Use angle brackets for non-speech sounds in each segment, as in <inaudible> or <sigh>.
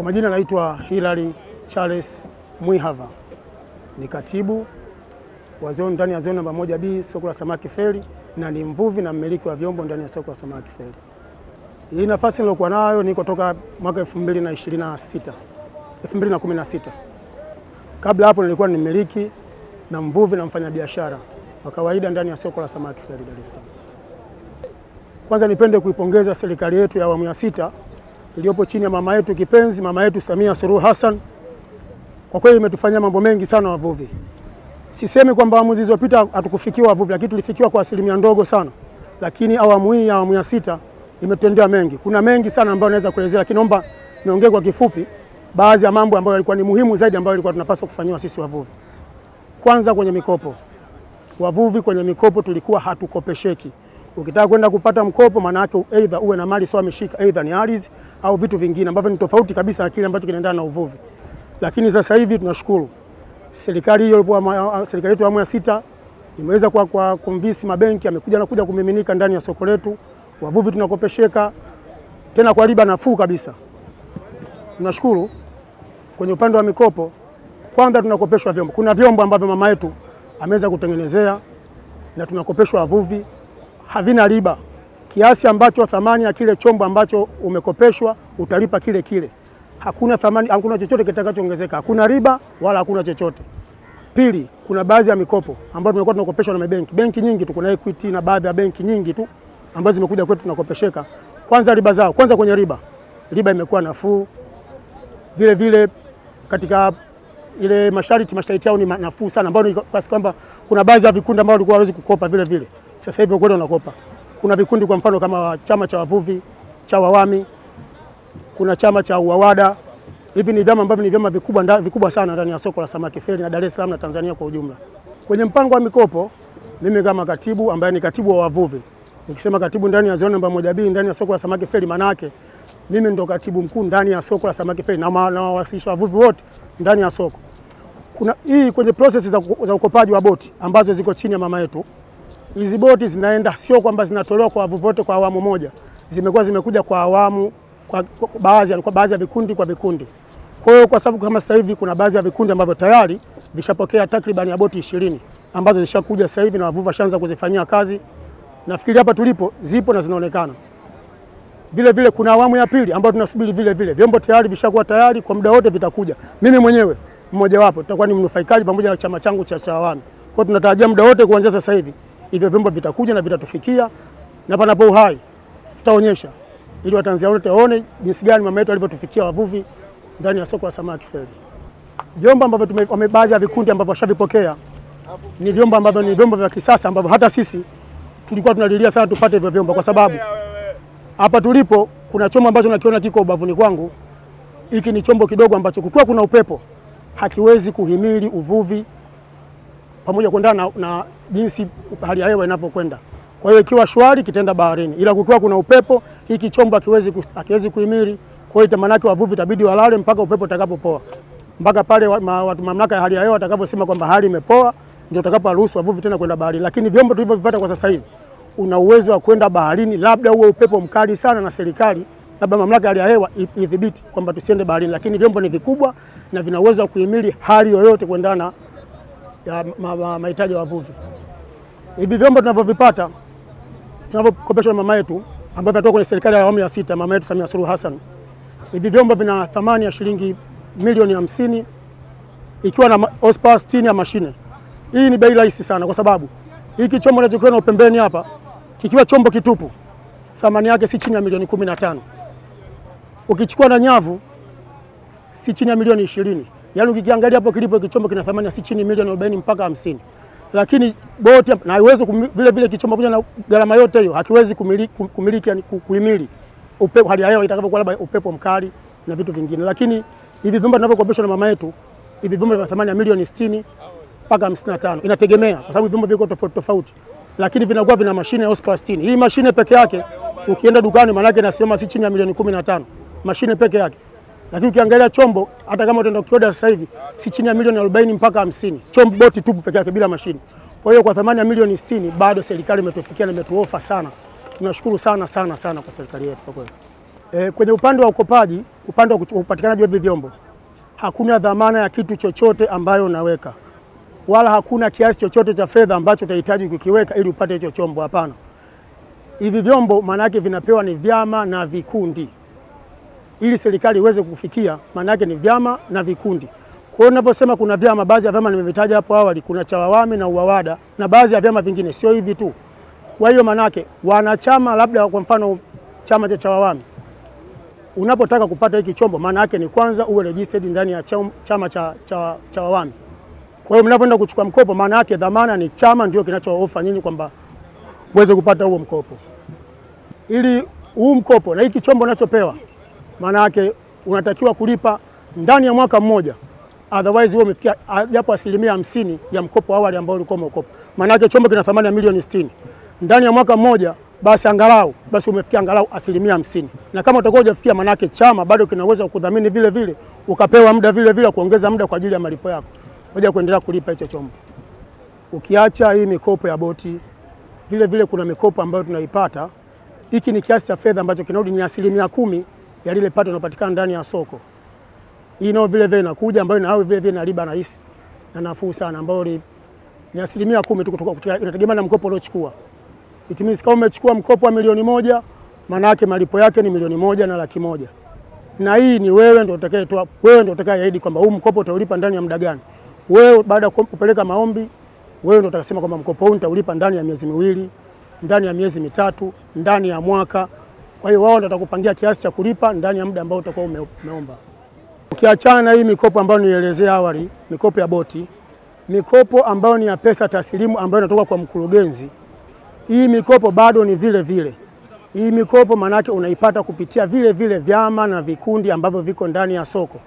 Kwa majina naitwa Hilary Charles Mwihava, ni katibu wa zone ndani ya zone namba moja B soko la samaki Feri, na ni mvuvi na mmiliki wa vyombo ndani ya soko la samaki Feri. Hii nafasi nilokuwa nayo niko toka mwaka 2026. 2016. Kabla hapo nilikuwa ni mmiliki na mvuvi na mfanyabiashara wa kawaida ndani ya soko la samaki Feri Dar es Salaam. Kwanza nipende kuipongeza serikali yetu ya awamu ya sita iliyopo chini ya mama yetu kipenzi, mama yetu Samia Suluhu Hassan, kwa kweli imetufanyia mambo mengi sana wavuvi. Sisemi kwamba awamu zilizopita hatukufikiwa wavuvi, lakini tulifikiwa kwa asilimia ndogo sana, lakini awamu hii, ya awamu ya sita imetendea mengi. Kuna mengi sana ambayo naweza kuelezea, lakini naomba niongee kwa kifupi baadhi ya mambo ambayo yalikuwa ni muhimu zaidi ambayo ilikuwa tunapaswa kufanyiwa sisi wavuvi. Kwanza kwenye mikopo, wavuvi kwenye mikopo tulikuwa hatukopesheki. Ukitaka kwenda kupata mkopo, maana yake aidha uwe na mali isiyohamishika, aidha ni ardhi au vitu vingine ambavyo ni tofauti kabisa na kile ambacho kinaendana na uvuvi. Lakini sasa hivi tunashukuru serikali hiyo, serikali yetu ya awamu ya sita imeweza kwa, kwa kumvisi mabenki amekuja na kuja kumiminika ndani ya soko letu, wavuvi tunakopesheka tena kwa riba nafuu kabisa. Tunashukuru kwenye upande wa mikopo, kwanza tunakopeshwa vyombo, kuna vyombo ambavyo mama yetu ameweza kutengenezea na tunakopeshwa wavuvi havina riba, kiasi ambacho thamani ya kile chombo ambacho umekopeshwa utalipa kile kile. Hakuna thamani, hakuna chochote kitakachoongezeka, hakuna riba wala hakuna chochote. Pili, kuna baadhi ya mikopo ambayo tumekuwa tunakopeshwa na mabenki, benki nyingi tu, kuna Equity na baadhi ya benki nyingi tu ambazo zimekuja kwetu tunakopesheka. Kwanza riba zao, kwanza kwenye riba, riba imekuwa nafuu vile vile katika ile masharti masharti yao ni nafuu sana, ambayo ni kwa kwamba kuna baadhi ya vikundi ambao walikuwa hawezi kukopa vile vile. Sasa hivi ukweli unakopa. Kuna vikundi kwa mfano kama chama cha wavuvi cha wawami, kuna chama cha uwawada. Hivi ni vyama ambavyo ni vyama vikubwa, vikubwa sana ndani ya soko la samaki Feri na Dar es Salaam na Tanzania kwa ujumla. Kwenye mpango wa mikopo, mimi kama katibu ambaye ni katibu wa wavuvi, nikisema katibu ndani ya zone namba 1B ndani ya soko la samaki Feri, maana yake mimi ndo katibu mkuu ndani ya soko la samaki Feri na nawawasilisha wavuvi wote ndani ya soko. Kuna hii kwenye process za, za ukopaji wa boti ambazo ziko chini ya mama yetu hizi boti zinaenda, sio kwamba zinatolewa kwa wavu wote kwa awamu moja, zimekuwa zimekuja kwa awamu kwa baadhi, kwa baadhi ya vikundi kwa vikundi. Kwa hiyo kwa sababu kama sasa hivi kuna baadhi ya vikundi ambavyo tayari vishapokea takriban ya boti ishirini ambazo zishakuja sasa hivi na wavuvi washaanza kuzifanyia kazi. Nafikiri hapa tulipo zipo na zinaonekana. Vile vile kuna awamu ya pili ambayo tunasubiri vile vile. Vyombo tayari vishakuwa tayari kwa muda wote vitakuja. Mimi mwenyewe mmoja wapo tutakuwa ni mnufaikaji pamoja na chama changu cha Chawani. Kwa hiyo tunatarajia muda wote kuanzia sasa hivi hivyo vyombo vitakuja na vitatufikia, na panapo uhai tutaonyesha, ili Watanzania wote waone jinsi gani mama yetu alivyotufikia wavuvi ndani ya soko la samaki Feri. Vyombo ambavyo baadhi ya vikundi ambavyo washavipokea ni vyombo ambavyo ni vyombo vya kisasa ambavyo hata sisi tulikuwa tunalilia sana tupate hivyo vyombo, kwa sababu hapa tulipo kuna chombo ambacho nakiona kiko ubavuni kwangu. Hiki ni chombo kidogo ambacho kukiwa kuna upepo hakiwezi kuhimili uvuvi pamoja kuendana na, na jinsi hali ya hewa inapokwenda. Kwa hiyo ikiwa shwari kitenda baharini, ila kukiwa kuna upepo hiki chombo hakiwezi hakiwezi kuhimili. Kwa hiyo yake wavuvi itabidi walale mpaka upepo utakapopoa, mpaka pale watu mamlaka ya hali ya hewa watakaposema kwamba hali imepoa, ndio utakaporuhusu wavuvi tena kwenda baharini. Lakini vyombo tulivyovipata kwa sasa hivi, una uwezo wa kwenda baharini, labda uwe upepo mkali sana na serikali labda mamlaka ya hali ya hewa idhibiti kwamba tusiende baharini, lakini vyombo ni vikubwa na vina uwezo wa kuhimili hali yoyote kuendana ya mahitaji ya wavuvi. Hivi vyombo tunavyovipata tunavyokopeshwa na mama yetu ambayo vinatoka kwenye serikali ya awamu ya sita, mama yetu Samia Suluhu Hassan, hivi vyombo vina thamani ya shilingi milioni hamsini ikiwa na horsepower 60 ya mashine. Hii ni bei rahisi sana, kwa sababu hiki chombo unachokiona upembeni hapa kikiwa chombo kitupu thamani yake si chini ya milioni kumi na tano ukichukua na nyavu si chini ya milioni ishirini. Yaani ukikiangalia hapo kilipo hiki kina thamani si chini milioni 40 mpaka 50. Lakini boti na haiwezi vile vile kichombo kuja na gharama yote hiyo hakiwezi kumiliki kumiliki yani kuhimili upepo hali ya hewa itakapokuwa labda upepo mkali na vitu vingine. Lakini hivi vyumba tunavyokopeshwa na mama yetu hivi vyumba vya thamani ya milioni 60 mpaka 55. Inategemea kwa sababu vyumba viko tofauti tofauti. Lakini vinakuwa vina mashine ya ospa 60. Hii mashine peke yake ukienda dukani maana yake nasema si chini ya milioni 15. Mashine peke yake lakini ukiangalia chombo hata kama utaenda ukioda sasa hivi si chini ya milioni 40 mpaka 50, chombo boti tupu peke yake bila mashine. Kwa hiyo kwa thamani ya milioni 60 bado serikali imetufikia na imetuofa sana, tunashukuru sana sana sana kwa serikali yetu kwa kweli. E, kwenye upande wa ukopaji, upande wa upatikanaji wa hivi vyombo hakuna dhamana ya kitu chochote ambayo unaweka wala hakuna kiasi chochote cha fedha ambacho utahitaji kukiweka ili upate hicho chombo. Hapana, hivi vyombo maana yake vinapewa ni vyama na vikundi ili serikali iweze kufikia, maana yake ni vyama na vikundi. Kwa hiyo ninaposema kuna vyama, baadhi ya vyama nimevitaja hapo awali, kuna CHAWAWAME na UWAWADA na baadhi ya vyama vingine, sio hivi tu. Kwa hiyo maana yake wanachama, labda kwa mfano chama cha CHAWAWAME, unapotaka kupata hiki chombo, maana yake ni kwanza uwe registered ndani ya chama cha CHAWAWAME. Kwa hiyo mnapoenda kuchukua mkopo, maana yake dhamana ni chama ndio kinachoofa nyinyi kwamba uweze kupata huo mkopo, ili huu mkopo na hiki chombo unachopewa maana yake unatakiwa kulipa ndani ya mwaka mmoja, otherwise wewe umefikia japo asilimia hamsini ya mkopo awali ambao ulikuwa umekopa. Maana yake chombo kina thamani ya milioni sitini ndani ya mwaka mmoja, basi angalau basi umefikia angalau asilimia hamsini na kama utakuwa hujafikia, maana yake chama bado kina uwezo wa kudhamini vile vile, ukapewa muda vile vile kuongeza muda kwa ajili ya malipo yako moja kuendelea kulipa hicho chombo. Ukiacha hii mikopo ya boti, vile vile kuna mikopo ambayo tunaipata. Hiki ni kiasi cha fedha ambacho kinarudi, ni asilimia kumi ya lile pato linalopatikana ndani ya soko. Hii nao vile vile inakuja ambayo na vile vile na riba rahisi na nafuu sana ambayo ni ni asilimia kumi tu kutoka, inategemea na mkopo uliochukua. It means kama umechukua mkopo wa milioni moja, maana yake malipo yake ni milioni moja na laki moja, na hii ni wewe ndio utakayetoa, wewe ndio utakayeahidi kwamba huu mkopo utaulipa ndani ya muda gani. Wewe baada ya kupeleka maombi, wewe ndio utakasema kwamba mkopo huu nitaulipa ndani ya miezi miwili, ndani ya miezi mitatu, ndani ya mwaka. Kwa hiyo wao ndio watakupangia kiasi cha kulipa ndani ya muda ambao utakuwa umeomba. Ukiachana na hii mikopo ambayo nilielezea awali, mikopo ya boti, mikopo ambayo ni ya pesa taslimu ambayo inatoka kwa mkurugenzi, hii mikopo bado ni vile vile. Hii mikopo manake unaipata kupitia vile vile vyama na vikundi ambavyo viko ndani ya soko.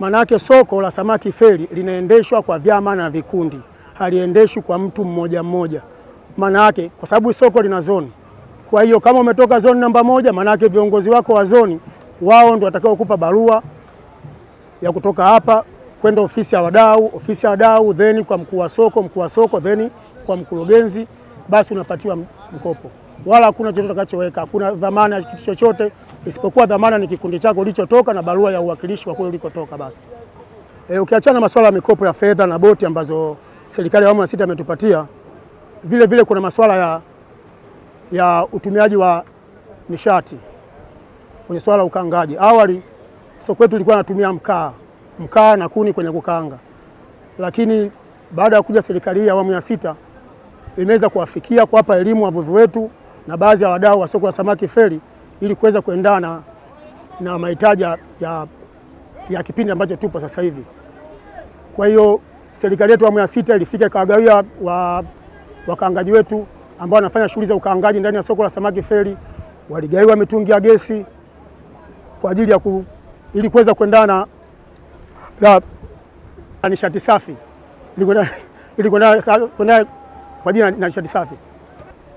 Manake soko la samaki feri linaendeshwa kwa vyama na vikundi, haliendeshwi kwa mtu mmoja mmoja. Manake kwa sababu soko lina zoni kwa hiyo kama umetoka zoni namba moja, maanake viongozi wako wa zoni wao ndio watakaokupa barua ya kutoka hapa kwenda ofisi ya wadau, ofisi ya wadau then kwa mkuu wa soko, mkuu wa soko then kwa mkurugenzi, basi unapatiwa mkopo. Wala hakuna chochote utakachoweka, hakuna dhamana ya kitu chochote, isipokuwa dhamana ni kikundi chako ulichotoka na barua ya uwakilishi wa kule ulikotoka. Basi e, ukiachana na masuala ya mikopo ya fedha na boti ambazo serikali ya awamu ya sita ametupatia, vile vile kuna masuala ya ya utumiaji wa nishati kwenye swala la ukaangaji. Awali soko letu lilikuwa natumia mkaa mkaa na kuni kwenye kukaanga, lakini baada ya kuja serikali hii awamu ya sita imeweza kuwafikia kuwapa elimu wavuvi wetu na baadhi ya wadau wa soko la samaki feri ili kuweza kuendana na mahitaji ya, ya kipindi ambacho tupo sasa hivi. Kwa hiyo serikali yetu awamu ya sita ilifika ikawagawia wakaangaji wetu ambao wanafanya shughuli za ukaangaji ndani ya soko la samaki Feri waligaiwa mitungi ya gesi kwa ajili ya ku, ili kuweza kuendana na nishati safi ili kuendana <laughs> kwa ajili na nishati safi.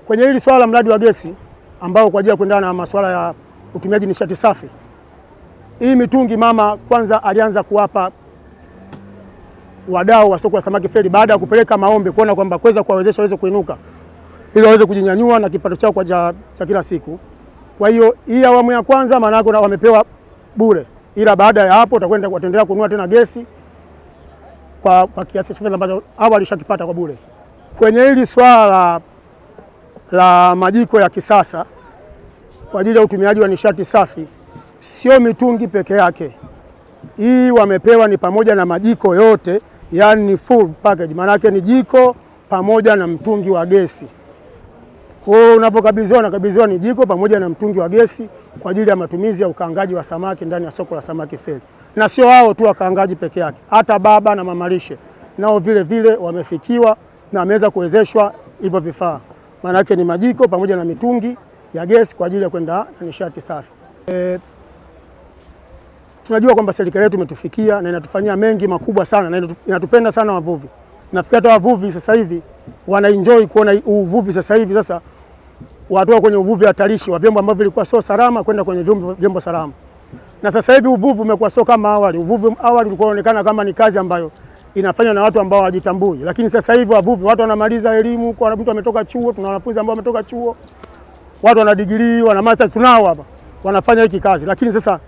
Kwenye hili swala la mradi wa gesi ambao kwa ajili ya kuendana na masuala ya utumiaji nishati safi, hii mitungi mama kwanza alianza kuwapa wadau wa soko la samaki Feri baada ya kupeleka maombi kuona kwamba kuweza kuwawezesha waweze kuinuka ili waweze kujinyanyua na kipato chao cha kila siku. Kwa hiyo hii awamu ya kwanza maana yake wamepewa bure, ila baada ya hapo utakwenda kuendelea kununua tena gesi kwa, kwa kiasi cha fedha ambacho awali walishakipata kwa bure. Kwenye hili swala la majiko ya kisasa kwa ajili ya utumiaji wa nishati safi, sio mitungi peke yake, hii wamepewa ni pamoja na majiko yote, yani ni full package, maana yake ni jiko pamoja na mtungi wa gesi. Kwa hiyo unapokabidhiwa, unakabidhiwa ni jiko pamoja na mtungi wa gesi kwa ajili ya matumizi ya ukaangaji wa samaki ndani ya soko la samaki Feri. Na sio wao tu wakaangaji peke yake, hata baba na mamalishe nao vile vile wamefikiwa na wameweza kuwezeshwa hivyo vifaa, maanake ni majiko pamoja na mitungi ya gesi kwa ajili ya kwenda na nishati safi. E, tunajua kwamba serikali yetu imetufikia na inatufanyia mengi makubwa sana na inatupenda sana wavuvi nafikiri hata wavuvi sasa hivi wana enjoy kuona uvuvi sasa hivi sasa watu kwenye uvuvi hatarishi wa vyombo ambavyo vilikuwa sio salama kwenda kwenye vyombo salama. Na sasa hivi uvuvi umekuwa sio kama awali. Uvuvi awali ulikuwa unaonekana kama ni kazi ambayo inafanywa na watu ambao hawajitambui, lakini sasa hivi wavuvi, watu wanamaliza elimu, kwa mtu ametoka chuo, tuna wanafunzi ambao wametoka chuo, watu wana degree, wana master, tunao hapa wanafanya hiki kazi. Lakini sasa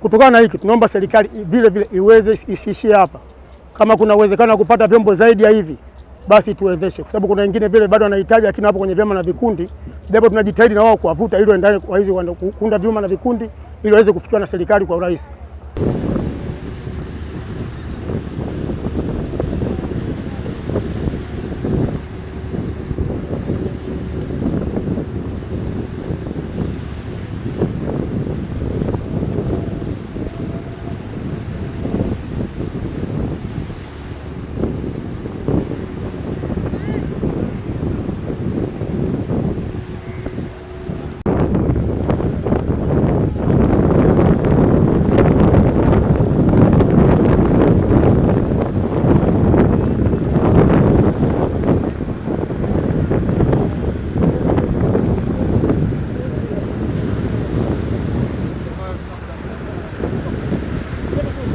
kutokana na hiki tunaomba serikali vile vile iweze isishie hapa. Kama kuna uwezekano wa kupata vyombo zaidi ya hivi, basi tuwezeshe kwa sababu kuna wengine vile bado wanahitaji, lakini hapo kwenye vyama na vikundi, japo tunajitahidi na wao kuwavuta ili waendane kwa hizi kuunda vyama na vikundi ili waweze kufikiwa na serikali kwa urahisi.